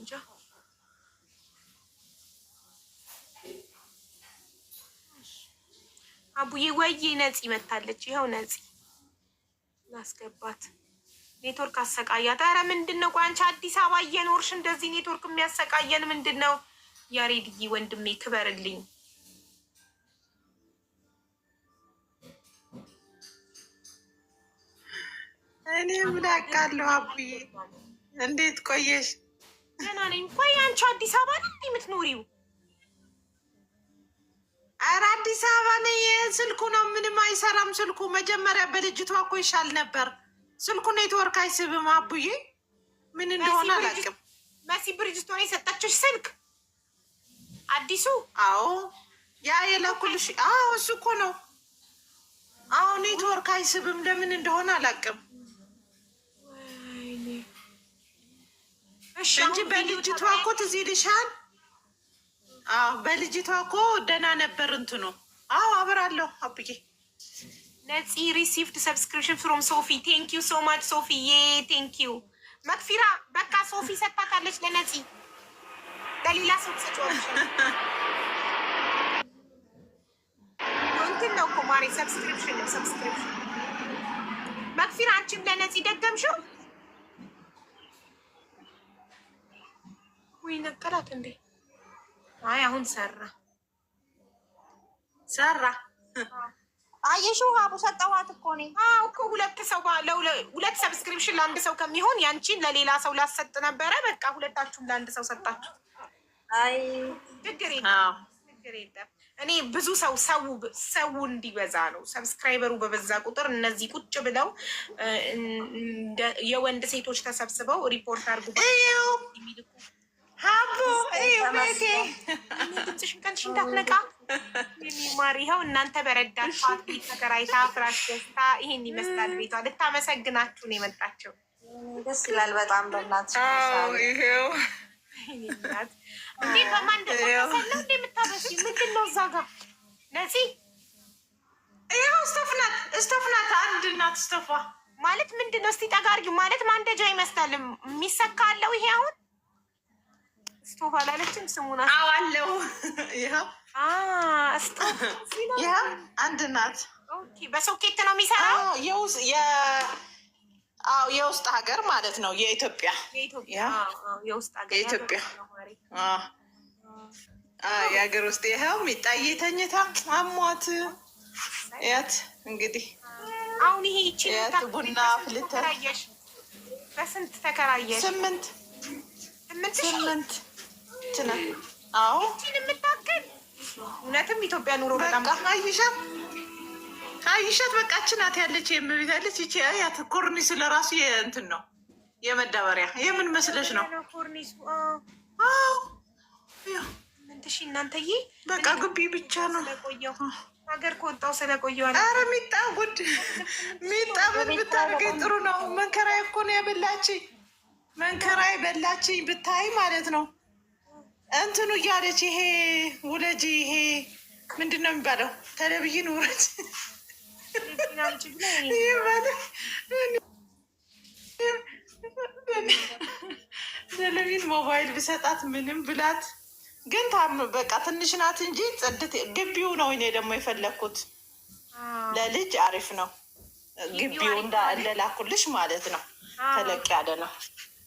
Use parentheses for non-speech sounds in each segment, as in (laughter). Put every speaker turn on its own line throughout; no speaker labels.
እንጃ አቡዬ ወይዬ ነፂ መታለች። ይኸው ነፂ ላስገባት። ኔትወርክ አሰቃያት። ኧረ ምንድን ነው? ቆይ አንቺ አዲስ አበባ እየኖርሽ እንደዚህ ኔትወርክ የሚያሰቃየን ምንድን ነው? ያሬድዬ ወንድሜ ክበርልኝ።
እኔ ምን አውቃለሁ አቡዬ፣ እንዴት ቆየሽ?
ገና ነኝ። ቆይ አንቺ አዲስ አበባ ነው የምትኖሪው?
ኧረ አዲስ አበባ ነኝ። ስልኩ ነው ምንም አይሰራም። ስልኩ መጀመሪያ በልጅቷ እኮ ይሻል ነበር። ስልኩ ኔትወርክ አይስብም። አቡዬ ምን እንደሆነ አላውቅም።
መሲ ብርጅቶ ነው የሰጠችሽ ስልክ አዲሱ?
አዎ ያ የለኩልሽ። አዎ እሱ እኮ ነው። አዎ ኔትወርክ አይስብም። ለምን እንደሆነ አላውቅም። እንጂ በልጅቷ እኮ ትዝ ይልሻል? አዎ በልጅቷ እኮ ደህና ነበር እንትኑ። አዎ አብራለሁ አብዬ
ነፂ ሪሲቭድ ሰብስክሪፕሽን ፍሮም ሶፊ ቴንክ ዩ ሶ ማች ሶፊ ዬ ቴንክ ዩ መክፊራ። በቃ ሶፊ ሰጥታታለች ለነፂ ለሌላ ሰው ሰጫዎች (laughs) እንትን ነው እኮ ማሬ ሰብስክሪፕሽን ሰብስክሪፕሽን። መክፊራ አንቺም ለነፂ ደገምሽው። ወይ ነቀላት እንዴ! አይ አሁን ሰራ ሰራ። አየሽው ሀቡ ሰጠኋት እኮ እኔ። አዎ እኮ ሁለት ሰው ሁለት ሰብስክሪፕሽን ለአንድ ሰው ከሚሆን ያንቺን ለሌላ ሰው ላሰጥ ነበረ። በቃ ሁለታችሁም ለአንድ ሰው ሰጣችሁ። አይ ችግር የለም ችግር የለም። እኔ ብዙ ሰው ሰው ሰው እንዲበዛ ነው። ሰብስክራይበሩ በበዛ ቁጥር እነዚህ ቁጭ ብለው የወንድ ሴቶች ተሰብስበው ሪፖርት አድርጉ
የሚልኩ ሀቡ እዩ ቤቴ
ግጭሽን ቀንሽ እንዳትነቃ የሚማር ይኸው እናንተ በረዳችኋት ቤት ተከራይታ ፍራሽ ገዝታ ይሄን ይመስላል ቤቷ። ልታመሰግናችሁ ነው የመጣችው።
ደስ ይላል በጣም በእናትሽ።
ይኸው እንዴ በማንድ ደሰለ እንዴ የምታበስ ምንድን ነው እዛ ጋር ነፂ?
ይኸው እስቶፍ ስቶፍናት አንድ እናት እስቶፏ
ማለት ምንድን ነው? እስቲ ጠጋ አድርጊው ማለት ማንደጃ ይመስላል የሚሰካ አለው ይሄ አሁን ስቶቭ አላለችም ስሙን
አዋለው ይኸው አንድ ናት።
በሶኬት ነው የሚሰራው
የውስጥ ሀገር ማለት ነው። የኢትዮጵያ የኢትዮጵያ የሀገር ውስጥ ይኸው ሚጣዬ ተኝታ አሟት ያት እንግዲህ
አሁን ይሄ ይቺ
ቡና ፍልተ
በስንት ተከራየሽ?
ስምንት ስምንት አዎ
የምታክል እውነትም ኢትዮጵያ ኑሮ
በጣም አይሻት አይሻት በቃ ችናት ያለች የምቤት ያለች ይቺ ያት ኮርኒሱ ለራሱ የእንትን ነው የመዳበሪያ የምን መስለሽ ነው
ምንትሽ እናንተዬ
በቃ ግቢ ብቻ ነው
ሀገር ከወጣው ስለቆየው አለ።
ሚጣ ጉድ ሚጣ ምን ብታደርገኝ ጥሩ ነው። መንከራዬ እኮ ነው የበላችኝ። መንከራዬ በላችኝ ብታይ ማለት ነው። እንትኑ እያለች ይሄ ውለጅ ይሄ ምንድን ነው የሚባለው? ተለብይን ውረጅ ሞባይል ብሰጣት ምንም ብላት ግን ታም በቃ ትንሽ ናት እንጂ ጽድት ግቢው ነው። እኔ ደግሞ የፈለግኩት ለልጅ አሪፍ ነው ግቢው እንዳለላኩልሽ ማለት ነው። ተለቅ ያለ ነው።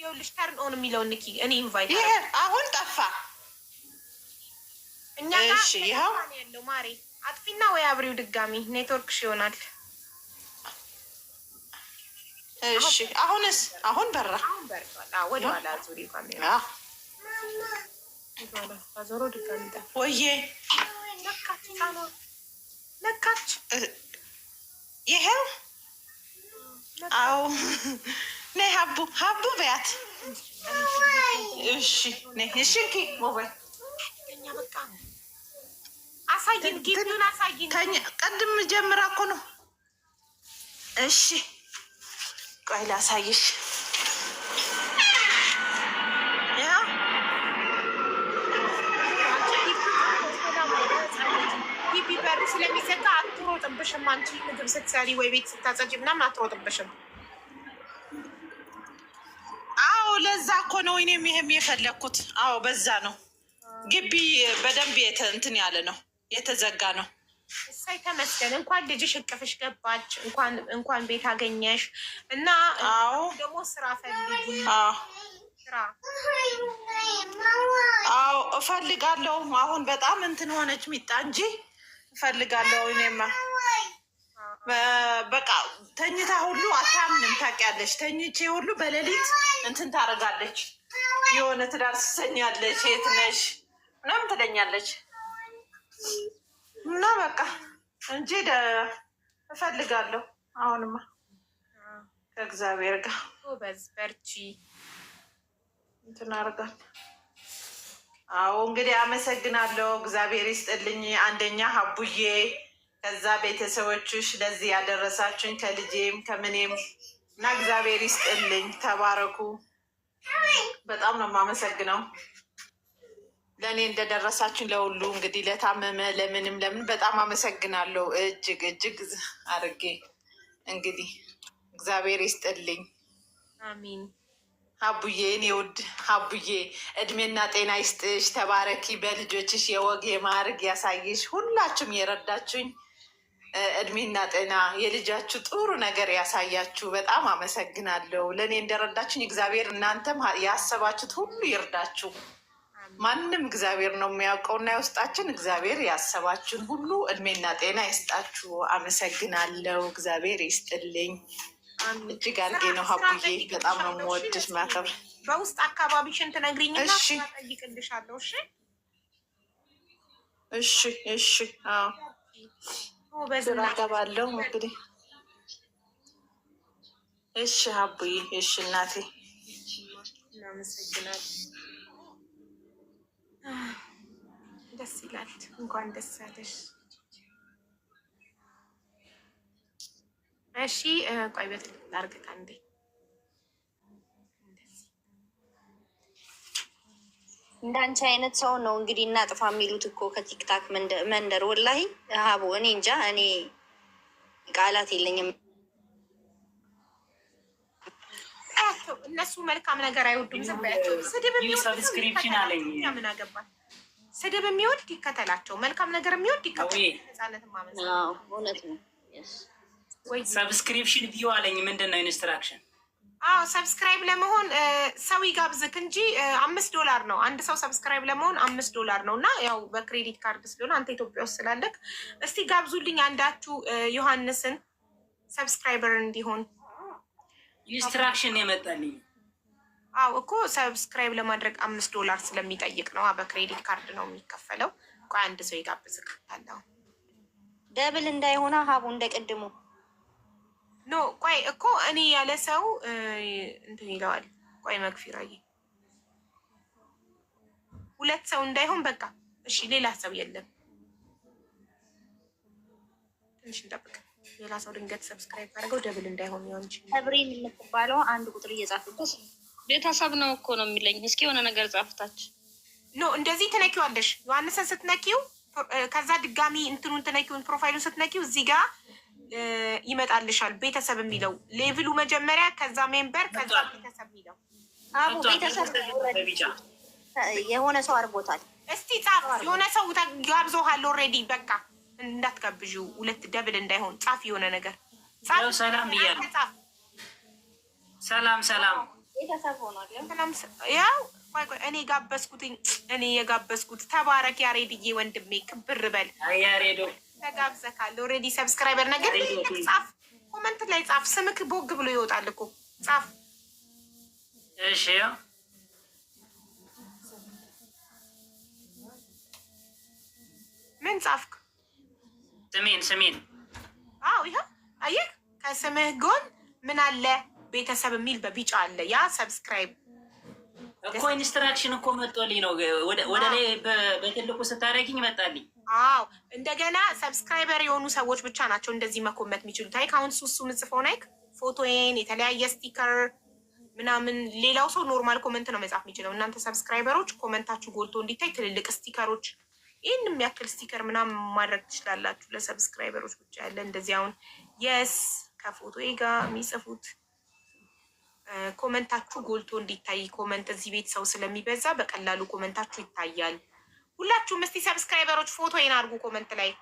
ይኸውልሽ ተርን ኦን የሚለው ንኪ እኔ
ኢንቫይት ይሄ አሁን ጠፋ።
እኛ እሺ፣ ያለው ማሬ አጥፊና ወይ አብሪው ድጋሚ ኔትወርክሽ ይሆናል።
እሺ፣ አሁንስ አሁን በራ።
ወደኋላ ዙሪ
ዞሮ ድጋሚ ጠፋ። ወይዬ ለካች ለካች ይኸው አዎ ነይ ሀቡ ሀቡ በያት። እሺ እሺ፣ ሞባይል
አሳይን፣ ግቢውን አሳይን።
ቅድም ጀምራ እኮ ነው። እሺ ቆይ ላሳይሽ።
ግቢ በሩ ስለሚዘጋ አትሮጥብሽም። አንቺ ምግብ ስትሰሪ ወይ ቤት ስታጸጂ ምናምን አትሮጥብሽም።
በዛ እኮ ነው እኔም ይሄም የፈለግኩት። አዎ በዛ ነው። ግቢ በደንብ እንትን ያለ ነው የተዘጋ ነው።
እሳይ ተመስገን። እንኳን ልጅሽ እቅፍሽ ገባች፣ እንኳን ቤት አገኘሽ። እና ደግሞ ስራ ፈልጊ።
አዎ እፈልጋለሁ። አሁን በጣም እንትን ሆነች ሚጣ እንጂ እፈልጋለሁ እኔማ በቃ ተኝታ ሁሉ አታምንም። ታውቂያለሽ፣ ተኝቼ ሁሉ በሌሊት እንትን ታደርጋለች። የሆነ ትዳር ስሰኛለች፣ የት ነሽ ምናምን ትለኛለች። እና በቃ እንጂ እፈልጋለሁ። አሁንማ ከእግዚአብሔር ጋር
በዝበርቺ
እንትን አደርጋለሁ። አዎ እንግዲህ አመሰግናለሁ። እግዚአብሔር ይስጥልኝ። አንደኛ ሀቡዬ ከዛ ቤተሰቦችሽ ለዚህ ያደረሳችን ከልጄም ከምኔም እና እግዚአብሔር ይስጥልኝ። ተባረኩ። በጣም ነው የማመሰግነው ለእኔ እንደደረሳችን ለሁሉ እንግዲህ ለታመመ ለምንም ለምን በጣም አመሰግናለሁ እጅግ እጅግ አድርጌ እንግዲህ እግዚአብሔር ይስጥልኝ። አሚን። አቡዬ እኔ ውድ አቡዬ እድሜና ጤና ይስጥሽ። ተባረኪ። በልጆችሽ የወግ የማዕረግ ያሳይሽ። ሁላችሁም የረዳችሁኝ እድሜና ጤና የልጃችሁ ጥሩ ነገር ያሳያችሁ። በጣም አመሰግናለሁ። ለእኔ እንደረዳችሁኝ እግዚአብሔር እናንተም ያሰባችሁት ሁሉ ይርዳችሁ። ማንም እግዚአብሔር ነው የሚያውቀውና የውስጣችን እግዚአብሔር ያሰባችሁን ሁሉ እድሜና ጤና ይስጣችሁ። አመሰግናለሁ። እግዚአብሔር ይስጥልኝ። እጅግ አድርጌ ነው ሀቡዬ፣ በጣም ነው የምወድሽ ማከብር።
በውስጥ አካባቢሽን ትነግሪኝና
እጠይቅልሻለሁ። እሺ፣ እሺ፣ እሺ። ስራ ገባለሁ እንግዲህ። እሺ ሀቡዬ፣ እሺ እናቴ፣ እናመሰግናለን።
ደስ ይላል። እንኳን ደስ አለሽ። እሺ ቆይ በትልቅ ላርግታ እንዴ እንዳንቺ አይነት ሰው ነው እንግዲህ እናጥፋ የሚሉት እኮ ከቲክታክ መንደር። ወላሂ ሀቡ እኔ እንጃ፣ እኔ ቃላት የለኝም። እነሱ መልካም ነገር አይወዱም። ዝም በያቸው።
ስድብ ምን
አገባል? ስድብ የሚወድ ይከተላቸው፣ መልካም ነገር የሚወድ ይከተላቸው።
ሰብስክሪፕሽን ቪው አለኝ። ምንድን ነው ኢንስትራክሽን
አዎ ሰብስክራይብ ለመሆን ሰው ይጋብዝክ እንጂ አምስት ዶላር ነው። አንድ ሰው ሰብስክራይብ ለመሆን አምስት ዶላር ነው እና ያው በክሬዲት ካርድ ስለሆነ አንተ ኢትዮጵያ ውስጥ ስላለክ እስቲ ጋብዙልኝ አንዳችሁ ዮሐንስን ሰብስክራይበር እንዲሆን
ኢንስትራክሽን የመጣልኝ።
አዎ እኮ ሰብስክራይብ ለማድረግ አምስት ዶላር ስለሚጠይቅ ነው። በክሬዲት ካርድ ነው የሚከፈለው። አንድ ሰው ይጋብዝክ አለው ደብል እንዳይሆነ ሀቡ እንደ ቅድሙ ኖ ቆይ እኮ እኔ ያለ ሰው እንትን ይለዋል። ቆይ መግፊራዬ ሁለት ሰው እንዳይሆን በቃ እሺ፣ ሌላ ሰው የለም። ትንሽ እንጠብቅ። ሌላ ሰው ድንገት ሰብስክራይብ ካደረገው ደብል እንዳይሆን ሆን ተብሬን የምትባለው አንድ ቁጥር እየጻፍኩት ቤተሰብ ነው እኮ ነው የሚለኝ። እስኪ የሆነ ነገር ጻፍታች ኖ እንደዚህ ትነኪዋለሽ። ዮሐንስን ስትነኪው ከዛ ድጋሚ እንትኑን ትነኪውን ፕሮፋይሉን ስትነኪው እዚህ ጋር ይመጣልሻል። ቤተሰብ የሚለው ሌቭሉ መጀመሪያ፣ ከዛ ሜምበር፣ ከዛ ቤተሰብ የሚለው አቡ ቤተሰብ የሆነ ሰው አርጎታል። እስቲ ጻፍ። የሆነ ሰው ጋብዞሃል ኦልሬዲ። በቃ እንዳትጋብዥ፣ ሁለት ደብል እንዳይሆን ጻፍ። የሆነ ነገር
ጻፍ። ሰላም ብያለሁ። ሰላም ሰላም፣
ቤተሰብ ያው ቆይ ቆይ፣ እኔ ጋበዝኩትኝ፣ እኔ የጋበዝኩት። ተባረክ ያሬድዬ፣ ወንድሜ ክብር በል ያሬዶ ተጋብዘካል። ኦልሬዲ ሰብስክራይበር ነገር ጻፍ፣ ኮመንት ላይ ጻፍ። ስምክ ቦግ ብሎ ይወጣል እኮ ጻፍ። እሺ ምን ጻፍክ?
ስሜን ስሜን።
አዎ ይኸው አየህ፣ ከስምህ ጎን ምን አለ? ቤተሰብ የሚል በቢጫ አለ። ያ ሰብስክራይብ
እኮ ኢንስትራክሽን እኮ መጥቶልኝ ነው። ወደ ላይ በትልቁ ስታደርጊኝ መጣልኝ።
አዎ እንደገና ሰብስክራይበር የሆኑ ሰዎች ብቻ ናቸው እንደዚህ መኮመት የሚችሉት። አይ ከአሁን ሱሱ ምጽፈው ናይክ ፎቶዬን፣ የተለያየ ስቲከር ምናምን። ሌላው ሰው ኖርማል ኮመንት ነው መጻፍ የሚችለው። እናንተ ሰብስክራይበሮች ኮመንታችሁ ጎልቶ እንዲታይ ትልልቅ ስቲከሮች፣ ይህን የሚያክል ስቲከር ምናምን ማድረግ ትችላላችሁ። ለሰብስክራይበሮች ብቻ ያለ እንደዚህ አሁን የስ ከፎቶ ጋር የሚጽፉት ኮመንታችሁ ጎልቶ እንዲታይ ኮመንት እዚህ ቤት ሰው ስለሚበዛ በቀላሉ ኮመንታችሁ ይታያል። ሁላችሁም እስቲ ሰብስክራይበሮች ፎቶ ይናርጉ ኮመንት ላይ